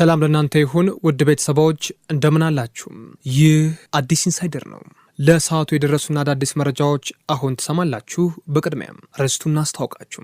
ሰላም ለእናንተ ይሁን ውድ ቤተሰባዎች እንደምን አላችሁም? ይህ አዲስ ኢንሳይደር ነው። ለሰዓቱ የደረሱና አዳዲስ መረጃዎች አሁን ትሰማላችሁ። በቅድሚያም ርዕስቱን አስታውቃችሁ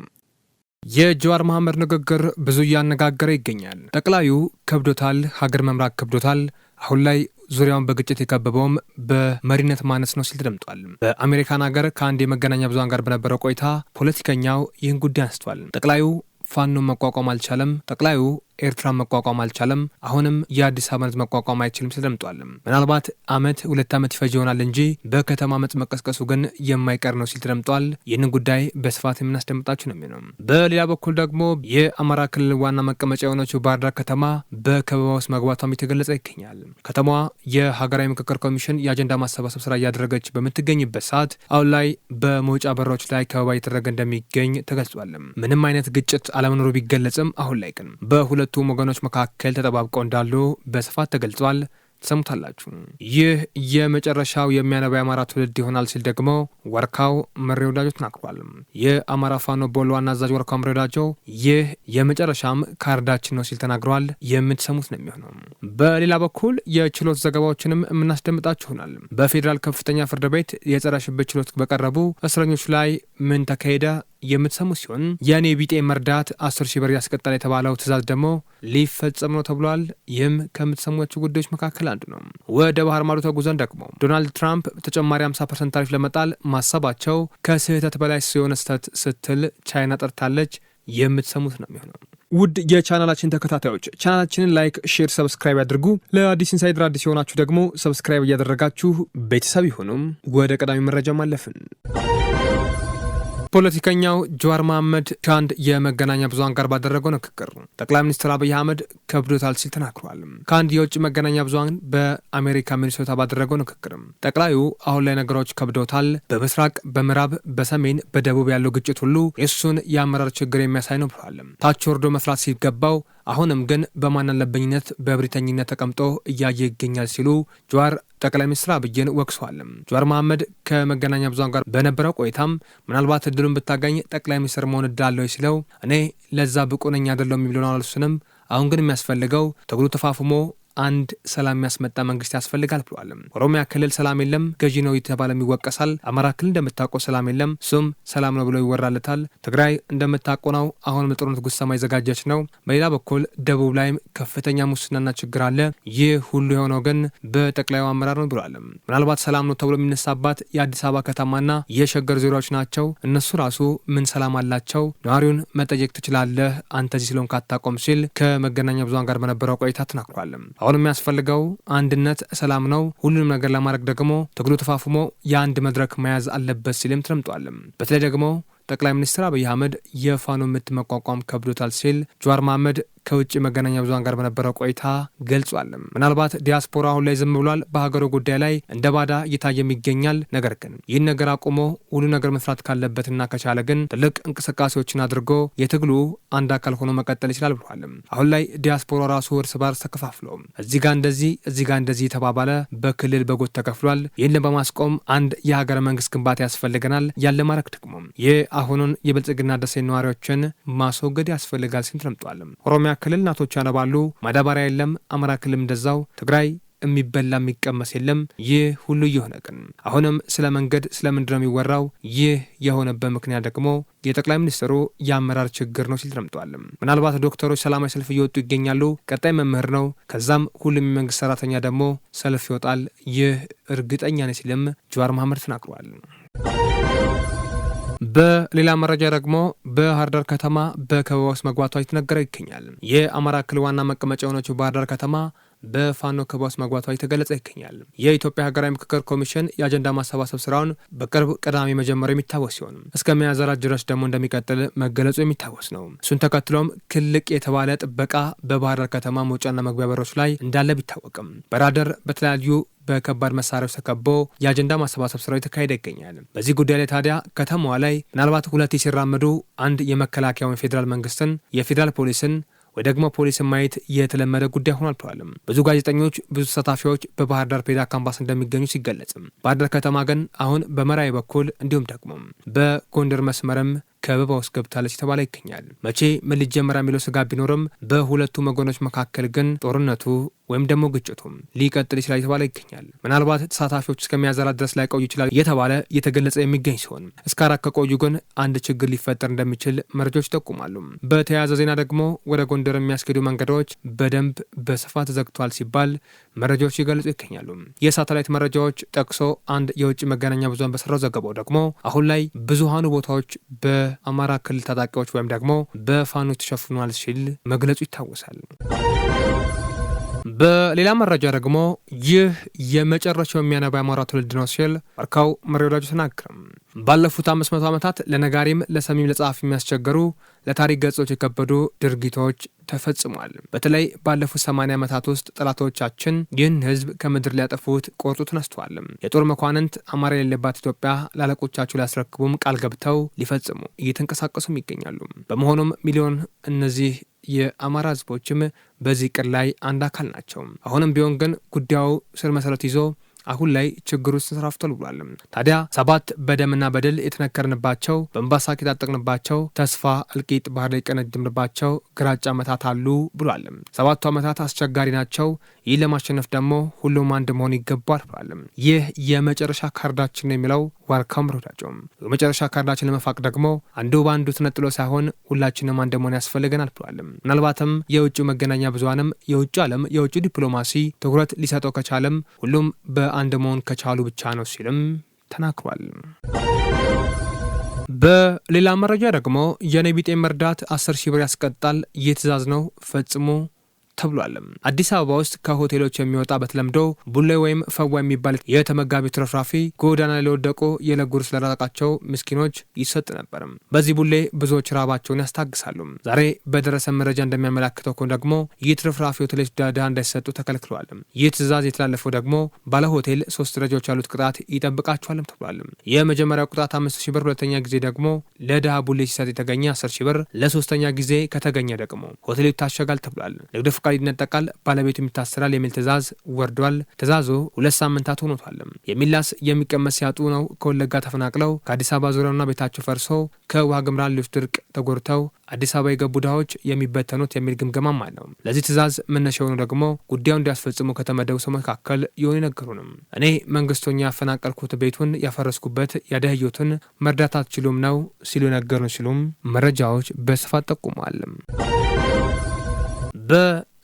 የጀዋር መሐመድ ንግግር ብዙ እያነጋገረ ይገኛል። ጠቅላዩ ከብዶታል፣ ሀገር መምራት ከብዶታል፣ አሁን ላይ ዙሪያውን በግጭት የከበበውም በመሪነት ማነስ ነው ሲል ተደምጧል። በአሜሪካን ሀገር ከአንድ የመገናኛ ብዙሃን ጋር በነበረው ቆይታ ፖለቲከኛው ይህን ጉዳይ አንስቷል። ጠቅላዩ ፋኖን መቋቋም አልቻለም፣ ጠቅላዩ ኤርትራ መቋቋም አልቻለም፣ አሁንም የአዲስ አበባ መቋቋም አይችልም ሲል ተደምጧል። ምናልባት አመት ሁለት ዓመት ይፈጅ ይሆናል እንጂ በከተማ መጽ መቀስቀሱ ግን የማይቀር ነው ሲል ተደምጧል። ይህንን ጉዳይ በስፋት የምናስደምጣችሁ ነው የሚሆነው። በሌላ በኩል ደግሞ የአማራ ክልል ዋና መቀመጫ የሆነችው ባህርዳር ከተማ በከበባ ውስጥ መግባቷም የተገለጸ ይገኛል። ከተማዋ የሀገራዊ ምክክር ኮሚሽን የአጀንዳ ማሰባሰብ ስራ እያደረገች በምትገኝበት ሰዓት አሁን ላይ በመውጫ በሮች ላይ ከበባ እየተደረገ እንደሚገኝ ተገልጿል። ምንም አይነት ግጭት አለመኖሩ ቢገለጽም አሁን ላይ ግን በሁለ በሁለቱም ወገኖች መካከል ተጠባብቀው እንዳሉ በስፋት ተገልጿል። ሰሙታላችሁ። ይህ የመጨረሻው የሚያነባ የአማራ ትውልድ ይሆናል ሲል ደግሞ ወርካው ምሬ ወዳጆ ተናግሯል። የአማራ ፋኖ ቦሎ ዋና አዛዥ ወርካው ምሬ ወዳጆ ይህ የመጨረሻም ካርዳችን ነው ሲል ተናግሯል። የምትሰሙት ነው የሚሆነው። በሌላ በኩል የችሎት ዘገባዎችንም የምናስደምጣችሁ ይሆናል። በፌዴራል ከፍተኛ ፍርድ ቤት የጸረ ሽብር ችሎት በቀረቡ እስረኞች ላይ ምን ተካሄደ? የምትሰሙ ሲሆን የእኔ ቢጤ መርዳት አስር ሺህ ብር ያስቀጣል የተባለው ትዕዛዝ ደግሞ ሊፈጸም ነው ተብሏል። ይህም ከምትሰሟቸው ጉዳዮች መካከል አንዱ ነው። ወደ ባህር ማዶ ተጉዘን ደግሞ ዶናልድ ትራምፕ ተጨማሪ 50 ፐርሰንት ታሪፍ ለመጣል ማሰባቸው ከስህተት በላይ የሆነ ስህተት ስትል ቻይና ጠርታለች። የምትሰሙት ነው የሚሆነው። ውድ የቻናላችን ተከታታዮች ቻናላችንን ላይክ፣ ሼር፣ ሰብስክራይብ ያድርጉ። ለአዲስ ኢንሳይድር አዲስ የሆናችሁ ደግሞ ሰብስክራይብ እያደረጋችሁ ቤተሰብ ይሁኑም። ወደ ቀዳሚ መረጃ ማለፍን ፖለቲከኛው ጀዋር መሐመድ ከአንድ የመገናኛ ብዙሀን ጋር ባደረገው ንግግር ጠቅላይ ሚኒስትር አብይ አህመድ ከብዶታል ሲል ተናግሯል። ከአንድ የውጭ መገናኛ ብዙሀን በአሜሪካ ሚኒሶታ ባደረገው ንግግርም ጠቅላዩ አሁን ላይ ነገሮች ከብዶታል፣ በምስራቅ በምዕራብ በሰሜን በደቡብ ያለው ግጭት ሁሉ የእሱን የአመራር ችግር የሚያሳይ ነው ብሏል። ታች ወርዶ መስራት ሲገባው አሁንም ግን በማናለበኝነት በእብሪተኝነት ተቀምጦ እያየ ይገኛል ሲሉ ጀዋር ጠቅላይ ሚኒስትር አብይን ወቅሷል። ጀዋር መሐመድ ከመገናኛ ብዙሃን ጋር በነበረው ቆይታም ምናልባት እድሉን ብታገኝ ጠቅላይ ሚኒስትር መሆን እዳለው ሲለው እኔ ለዛ ብቁ ነኝ አይደለሁም የሚለውን አልሱንም አሁን ግን የሚያስፈልገው ትግሉ ተፋፍሞ አንድ ሰላም የሚያስመጣ መንግስት ያስፈልጋል ብሏል። ኦሮሚያ ክልል ሰላም የለም፣ ገዢ ነው የተባለም ይወቀሳል። አማራ ክልል እንደምታውቀው ሰላም የለም፣ እሱም ሰላም ነው ብሎ ይወራለታል። ትግራይ እንደምታውቀው ነው፣ አሁንም ለጦርነት ጉሰማ የዘጋጀች ነው። በሌላ በኩል ደቡብ ላይም ከፍተኛ ሙስናና ችግር አለ። ይህ ሁሉ የሆነው ግን በጠቅላዩ አመራር ነው ብሏል። ምናልባት ሰላም ነው ተብሎ የሚነሳባት የአዲስ አበባ ከተማና የሸገር ዙሪያዎች ናቸው። እነሱ ራሱ ምን ሰላም አላቸው? ነዋሪውን መጠየቅ ትችላለህ አንተ እዚህ ስለሆንክ አታቆም ሲል ከመገናኛ ብዙሃን ጋር በነበረው ቆይታ ተናግሯል። አሁን የሚያስፈልገው አንድነት፣ ሰላም ነው። ሁሉንም ነገር ለማድረግ ደግሞ ትግሉ ተፋፍሞ የአንድ መድረክ መያዝ አለበት ሲልም ትረምጧልም። በተለይ ደግሞ ጠቅላይ ሚኒስትር አብይ አህመድ የፋኖ ምት መቋቋም ከብዶታል ሲል ጀዋር መሐመድ ከውጭ መገናኛ ብዙሃን ጋር በነበረው ቆይታ ገልጿል። ምናልባት ዲያስፖራ አሁን ላይ ዝም ብሏል፣ በሀገሩ ጉዳይ ላይ እንደ ባዳ እየታየም ይገኛል። ነገር ግን ይህን ነገር አቁሞ ሁሉ ነገር መስራት ካለበትና ከቻለ ግን ትልቅ እንቅስቃሴዎችን አድርጎ የትግሉ አንድ አካል ሆኖ መቀጠል ይችላል ብሏል። አሁን ላይ ዲያስፖራ ራሱ እርስ በርስ ተከፋፍሎ እዚህ ጋር እንደዚህ እዚህ ጋር እንደዚህ የተባባለ በክልል በጎት ተከፍሏል። ይህንን በማስቆም አንድ የሀገረ መንግስት ግንባታ ያስፈልገናል ያለ ማድረግ ደግሞ ይህ አሁኑን የብልጽግና ደሴ ነዋሪዎችን ማስወገድ ያስፈልጋል ሲል ተደምጧል። ኦሮሚያ ክልል እናቶች ያነባሉ ማዳበሪያ የለም። አማራ ክልል እንደዛው። ትግራይ የሚበላ የሚቀመስ የለም። ይህ ሁሉ እየሆነ ግን አሁንም ስለ መንገድ ስለምንድን ነው የሚወራው? ይህ የሆነበት ምክንያት ደግሞ የጠቅላይ ሚኒስትሩ የአመራር ችግር ነው ሲል ተደምጧል። ምናልባት ዶክተሮች ሰላማዊ ሰልፍ እየወጡ ይገኛሉ። ቀጣይ መምህር ነው። ከዛም ሁሉም የመንግስት ሰራተኛ ደግሞ ሰልፍ ይወጣል። ይህ እርግጠኛ ነ ሲልም ጀዋር መሐመድ ተናግረዋል። በሌላ መረጃ ደግሞ ባህር ዳር ከተማ በከበባ ውስጥ መግባቷ እየተነገረ ይገኛል። የአማራ ክልል ዋና መቀመጫ የሆነችው ባህር ዳር ከተማ በፋኖ ከበባ መግባቷ የተገለጸ ይገኛል። የኢትዮጵያ ሀገራዊ ምክክር ኮሚሽን የአጀንዳ ማሰባሰብ ስራውን በቅርብ ቅዳሜ መጀመሩ የሚታወስ ሲሆን እስከ ሚያዝያ ድረስ ደግሞ እንደሚቀጥል መገለጹ የሚታወስ ነው። እሱን ተከትሎም ትልቅ የተባለ ጥበቃ በባህር ዳር ከተማ መውጫና መግቢያ በሮች ላይ እንዳለ ቢታወቅም በራደር በተለያዩ በከባድ መሳሪያዎች ተከቦ የአጀንዳ ማሰባሰብ ስራው የተካሄደ ይገኛል። በዚህ ጉዳይ ላይ ታዲያ ከተማዋ ላይ ምናልባት ሁለት ሲራመዱ አንድ የመከላከያውን ፌዴራል መንግስትን የፌዴራል ፖሊስን ወይ ደግሞ ፖሊስ ማየት የተለመደ ጉዳይ ሆኗል ብለዋልም። ብዙ ጋዜጠኞች፣ ብዙ ተሳታፊዎች በባህር ዳር ፔዳ ካምፓስ እንደሚገኙ ሲገለጽም፣ ባህር ዳር ከተማ ግን አሁን በመራዊ በኩል እንዲሁም ደግሞ በጎንደር መስመርም ከበባ ውስጥ ገብታለች የተባለ ይገኛል። መቼ ምን ሊጀመራ የሚለው ስጋት ቢኖርም በሁለቱ ወገኖች መካከል ግን ጦርነቱ ወይም ደግሞ ግጭቱም ሊቀጥል ይችላል የተባለ ይገኛል። ምናልባት ተሳታፊዎች እስከሚያዘራት ድረስ ላይቆዩ ይችላል የተባለ እየተገለጸ የሚገኝ ሲሆን እስከ አራት ከቆዩ ግን አንድ ችግር ሊፈጠር እንደሚችል መረጃዎች ይጠቁማሉ። በተያያዘ ዜና ደግሞ ወደ ጎንደር የሚያስኬዱ መንገዶች በደንብ በስፋት ዘግቷል ሲባል መረጃዎች ይገልጹ ይገኛሉ። የሳተላይት መረጃዎች ጠቅሶ አንድ የውጭ መገናኛ ብዙሃን በሰራው ዘገባው ደግሞ አሁን ላይ ብዙሃኑ ቦታዎች በ በአማራ ክልል ታጣቂዎች ወይም ደግሞ በፋኖች ተሸፍኗል ሲል መግለጹ ይታወሳል። በሌላ መረጃ ደግሞ ይህ የመጨረሻው የሚያነባ የአማራ ትውልድ ነው ሲል አርካው መሪ ወዳጁ ተናግረም ባለፉት አምስት መቶ ዓመታት ለነጋሪም ለሰሚም ለጸሐፊ የሚያስቸገሩ ለታሪክ ገጾች የከበዱ ድርጊቶች ተፈጽሟል። በተለይ ባለፉት 80 ዓመታት ውስጥ ጠላቶቻችን ይህን ህዝብ ከምድር ሊያጠፉት ቆርጦ ተነስተዋል። የጦር መኳንንት አማራ የሌለባት ኢትዮጵያ ላለቆቻቸው ሊያስረክቡም ቃል ገብተው ሊፈጽሙ እየተንቀሳቀሱም ይገኛሉ። በመሆኑም ሚሊዮን እነዚህ የአማራ ህዝቦችም በዚህ ቅር ላይ አንድ አካል ናቸው። አሁንም ቢሆን ግን ጉዳዩ ስር መሰረት ይዞ አሁን ላይ ችግሩ ተንሰራፍቷል ብሏል። ታዲያ ሰባት በደምና በድል የተነከርንባቸው በእንባሳ የታጠቅንባቸው ተስፋ እልቂት ባህር ላይ ቀነድምንባቸው ግራጫ ዓመታት አሉ ብሏል። ሰባቱ ዓመታት አስቸጋሪ ናቸው። ይህ ለማሸነፍ ደግሞ ሁሉም አንድ መሆን ይገባል ብላለም። ይህ የመጨረሻ ካርዳችን ነው የሚለው ዋልካም ሮዳቸው። የመጨረሻ ካርዳችን ለመፋቅ ደግሞ አንዱ በአንዱ ተነጥሎ ሳይሆን ሁላችንም አንድ መሆን ያስፈልገናል ብሏልም። ምናልባትም የውጭ መገናኛ ብዙሃንም የውጭ ዓለም የውጭ ዲፕሎማሲ ትኩረት ሊሰጠው ከቻለም ሁሉም በአንድ መሆን ከቻሉ ብቻ ነው ሲልም ተናግሯል። በሌላ መረጃ ደግሞ የኔ ቢጤ መርዳት 10 ሺህ ብር ያስቀጣል። ይህ ትዕዛዝ ነው ፈጽሞ ተብሏል። አዲስ አበባ ውስጥ ከሆቴሎች የሚወጣ በተለምዶ ቡሌ ወይም ፈዋ የሚባል የተመጋቢ ትረፍራፊ ጎዳና ለወደቁ የለጉርስ ለራቃቸው ምስኪኖች ይሰጥ ነበር። በዚህ ቡሌ ብዙዎች ራባቸውን ያስታግሳሉ። ዛሬ በደረሰ መረጃ እንደሚያመላክተው ከሆነ ደግሞ ይህ ትርፍራፊ ሆቴሎች ዳዳ እንዳይሰጡ ተከልክሏል። ይህ ትዕዛዝ የተላለፈው ደግሞ ባለ ሆቴል ሶስት ደረጃዎች ያሉት ቅጣት ይጠብቃቸዋልም ተብሏል። የመጀመሪያው ቅጣት አምስት ሺ ብር፣ ሁለተኛ ጊዜ ደግሞ ለድሃ ቡሌ ሲሰጥ የተገኘ አስር ሺ ብር፣ ለሶስተኛ ጊዜ ከተገኘ ደግሞ ሆቴሉ ይታሸጋል ተብሏል። ንግድ ፈቃድ ይነጠቃል፣ ባለቤቱ ይታሰራል የሚል ትዕዛዝ ወርዷል። ትዕዛዙ ሁለት ሳምንታት ሆኖቷል። የሚላስ የሚቀመስ ሲያጡ ነው ከወለጋ ተፈናቅለው ከአዲስ አበባ ዙሪያውና ቤታቸው ፈርሶ ከውሃ ግምራ ልፍ ድርቅ ተጎድተው አዲስ አበባ የገቡ ድሃዎች የሚበተኑት የሚል ግምገማም አለው። ለዚህ ትዕዛዝ መነሻ የሆኑ ደግሞ ጉዳዩ እንዲያስፈጽሙ ከተመደቡ ሰው መካከል የሆኑ ይነገሩንም እኔ መንግስቶኛ ያፈናቀልኩት ቤቱን ያፈረስኩበት ያደህዮትን መርዳት አትችሉም ነው ሲሉ የነገሩን ሲሉም መረጃዎች በስፋት ጠቁሟል። በ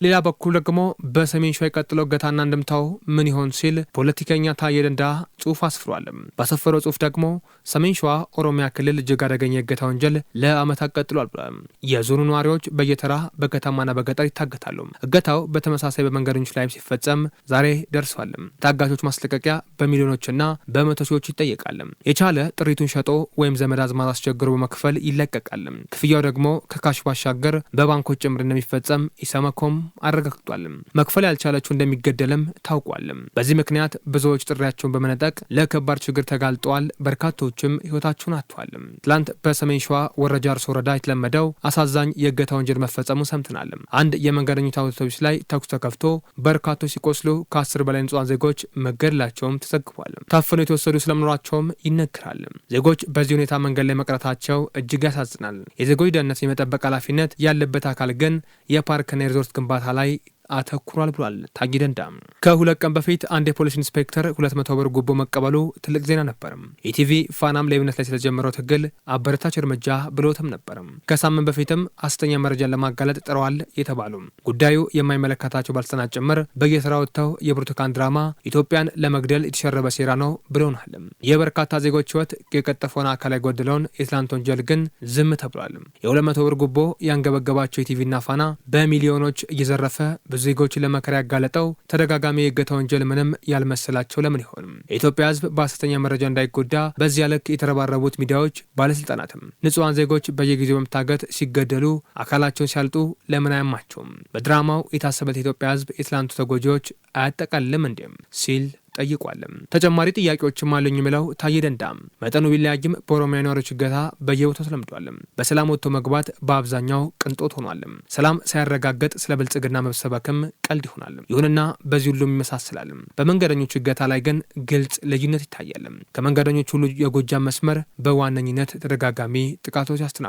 ሌላ በኩል ደግሞ በሰሜን ሸዋ የቀጥለው እገታና እንድምታው ምን ይሆን ሲል ፖለቲከኛ ታዬ ደንዳ ጽሁፍ አስፍሯል። ባሰፈረው ጽሁፍ ደግሞ ሰሜን ሸዋ ኦሮሚያ ክልል እጅግ አደገኛ የእገታ ወንጀል ለአመታት ቀጥሏል ብሏል። የዞኑ ነዋሪዎች በየተራ በከተማና በገጠር ይታገታሉ። እገታው በተመሳሳይ በመንገደኞች ላይም ሲፈጸም ዛሬ ደርሷል። ታጋቾች ማስለቀቂያ በሚሊዮኖችና በመቶ ሺዎች ይጠየቃል። የቻለ ጥሪቱን ሸጦ ወይም ዘመድ አዝማድ አስቸግሮ በመክፈል ይለቀቃል። ክፍያው ደግሞ ከካሽ ባሻገር በባንኮች ጭምር እንደሚፈጸም ኢሰመኮም አረጋግጧልም። መክፈል ያልቻለችው እንደሚገደልም ታውቋልም። በዚህ ምክንያት ብዙዎች ጥሪያቸውን በመነጠቅ ለከባድ ችግር ተጋልጠዋል። በርካቶችም ህይወታቸውን አጥተዋልም። ትላንት በሰሜን ሸዋ ወረጃ አርሶ ወረዳ የተለመደው አሳዛኝ የእገታ ወንጀል መፈጸሙ ሰምተናልም። አንድ የመንገደኞች አውቶቡስ ላይ ተኩስ ተከፍቶ በርካቶች ሲቆስሉ ከአስር በላይ ንጹሐን ዜጎች መገደላቸውም ተዘግቧል። ታፍነው የተወሰዱ ስለመኖራቸውም ይነገራል። ዜጎች በዚህ ሁኔታ መንገድ ላይ መቅረታቸው እጅግ ያሳዝናል። የዜጎች ደህንነት የመጠበቅ ኃላፊነት ያለበት አካል ግን የፓርክና የሪዞርት ግንባታ Atalay አተኩሯል ብሏል ታዬ ደንዳ። ከሁለት ቀን በፊት አንድ የፖሊስ ኢንስፔክተር 200 ብር ጉቦ መቀበሉ ትልቅ ዜና ነበርም። ኢቲቪ ፋናም ሌብነት ላይ ስለጀመረው ትግል አበረታች እርምጃ ብሎትም ነበርም። ከሳምንት በፊትም ሐሰተኛ መረጃን ለማጋለጥ ጥረዋል የተባሉ ጉዳዩ የማይመለከታቸው ባለስልጣናት ጭምር በየስራ ወጥተው የብርቱካን ድራማ ኢትዮጵያን ለመግደል የተሸረበ ሴራ ነው ብለውናል። የበርካታ ዜጎች ህይወት የቀጠፈውን አካል ያጎደለውን የትላንት ወንጀል ግን ዝም ተብሏል። የ የ200 ብር ጉቦ ያንገበገባቸው ኢቲቪና ፋና በሚሊዮኖች እየዘረፈ ብዙ ዜጎች ለመከራ ያጋለጠው ተደጋጋሚ የእገታ ወንጀል ምንም ያልመሰላቸው ለምን ይሆን? የኢትዮጵያ ሕዝብ በሐሰተኛ መረጃ እንዳይጎዳ በዚያ ልክ የተረባረቡት ሚዲያዎች፣ ባለስልጣናትም ንጹሐን ዜጎች በየጊዜው በመታገት ሲገደሉ፣ አካላቸውን ሲያልጡ ለምን አያማቸውም? በድራማው የታሰበት የኢትዮጵያ ሕዝብ የትላንቱ ተጎጂዎች አያጠቃልልም እንዲም ሲል ጠይቋል። ተጨማሪ ጥያቄዎችም አለኝ የሚለው ታዬ ደንዳ መጠኑ ቢለያይም በኦሮሚያ ነዋሪዎች እገታ በየቦታው ተለምዷልም። በሰላም ወጥቶ መግባት በአብዛኛው ቅንጦት ሆኗል። ሰላም ሳያረጋገጥ ስለ ብልጽግና መሰበክም ቀልድ ይሆናልም። ይሁንና በዚህ ሁሉም ይመሳስላልም። በመንገደኞቹ እገታ ላይ ግን ግልጽ ልዩነት ይታያልም። ከመንገደኞች ሁሉ የጎጃም መስመር በዋነኝነት ተደጋጋሚ ጥቃቶች አስተናግዷል።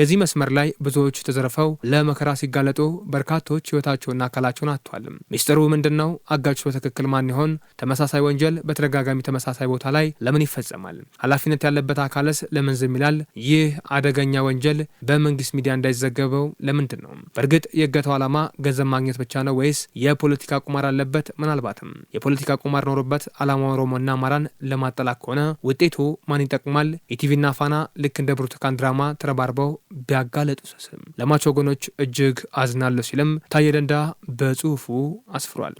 የዚህ መስመር ላይ ብዙዎች ተዘርፈው ለመከራ ሲጋለጡ፣ በርካቶች ህይወታቸውና አካላቸውን አጥቷልም። ሚስጥሩ ምንድን ነው? አጋቾች በትክክል ማን ይሆን? ተመሳሳይ ወንጀል በተደጋጋሚ ተመሳሳይ ቦታ ላይ ለምን ይፈጸማል? ኃላፊነት ያለበት አካልስ ለምን ዝም ይላል? ይህ አደገኛ ወንጀል በመንግስት ሚዲያ እንዳይዘገበው ለምንድን ነው? በእርግጥ የእገታው ዓላማ ገንዘብ ማግኘት ብቻ ነው ወይስ የፖለቲካ ቁማር አለበት? ምናልባትም የፖለቲካ ቁማር ኖሮበት ዓላማ ኦሮሞና አማራን ለማጠላቅ ከሆነ ውጤቱ ማን ይጠቅማል? ኢቲቪና ፋና ልክ እንደ ብርቱካን ድራማ ተረባርበው ቢያጋለጡ ስስም ለማቾ ወገኖች እጅግ አዝናለሁ ሲልም ታየ ደንዳ በጽሁፉ አስፍሯል።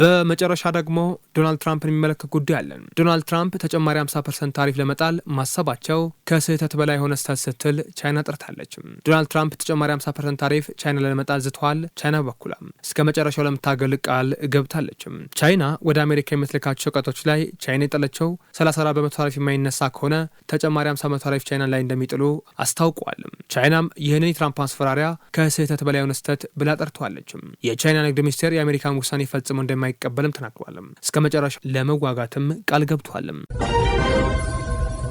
በመጨረሻ ደግሞ ዶናልድ ትራምፕን የሚመለከት ጉዳይ አለን። ዶናልድ ትራምፕ ተጨማሪ 50 ፐርሰንት ታሪፍ ለመጣል ማሰባቸው ከስህተት በላይ የሆነ ስህተት ስትል ቻይና ጠርታለች። ዶናልድ ትራምፕ ተጨማሪ 50 ፐርሰንት ታሪፍ ቻይና ለመጣል ዝተዋል። ቻይና በኩላም እስከ መጨረሻው ለምታገል ቃል ገብታለች። ቻይና ወደ አሜሪካ የምትልካቸው ሸቀጦች ላይ ቻይና የጠለቸው 34 በመቶ ታሪፍ የማይነሳ ከሆነ ተጨማሪ 50 በመቶ ታሪፍ ቻይና ላይ እንደሚጥሉ አስታውቋል። ቻይናም ይህንን የትራምፕ ማስፈራሪያ ከስህተት በላይ የሆነ ስህተት ብላ ጠርተዋለች። የቻይና ንግድ ሚኒስቴር የአሜሪካን ውሳኔ ፈጽሞ እንደ እንደማይቀበልም ተናግሯልም። እስከ መጨረሻ ለመዋጋትም ቃል ገብቷልም።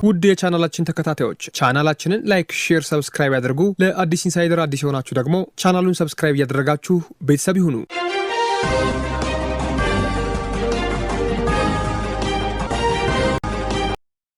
ውድ የቻናላችን ተከታታዮች ቻናላችንን ላይክ፣ ሼር፣ ሰብስክራይብ ያድርጉ። ለአዲስ ኢንሳይደር አዲስ የሆናችሁ ደግሞ ቻናሉን ሰብስክራይብ እያደረጋችሁ ቤተሰብ ይሁኑ።